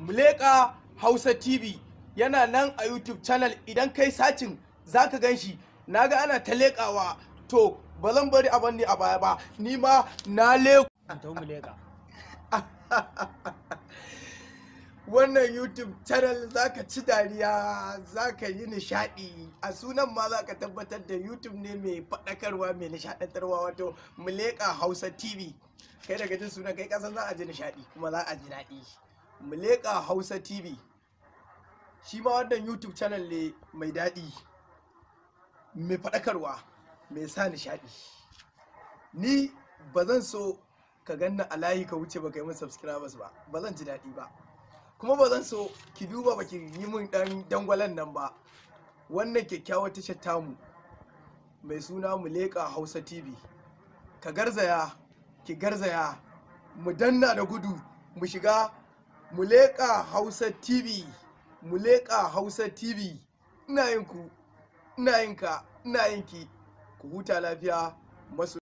mu leƙa hausa tv yana nan a youtube channel idan kai sacin za ka gan shi na ga ana ta leƙawa to ba zan bari a ne a baya ba ni ma na leƙa wannan youtube channel ka ci dariya za ka yi nishadi a sunan ma za ka tabbatar da youtube ne mai faɗakarwa mai nishadantarwa wato muleka hausa tv kai daga jin sunan kai kasan za a ji nishadi kuma za a ji daɗi mu leƙa hausa tv shi ma wannan youtube channel ne mai daɗi mai faɗakarwa mai sa nishaɗi ni bazan so ka ganna a layi ka wuce ba ka yi min subscribers ba ba zan ji daɗi ba kuma ba zan so ki duba ba ki yi min ɗan dangwalen nan ba wannan kyakkyawar tashar tamu mai suna mu leƙa hausa tv ka garzaya ki garzaya mu danna da gudu mu shiga mu hausa tv mu hausa tv ina yinku ku ina yinka ina yinki ku huta lafiya masu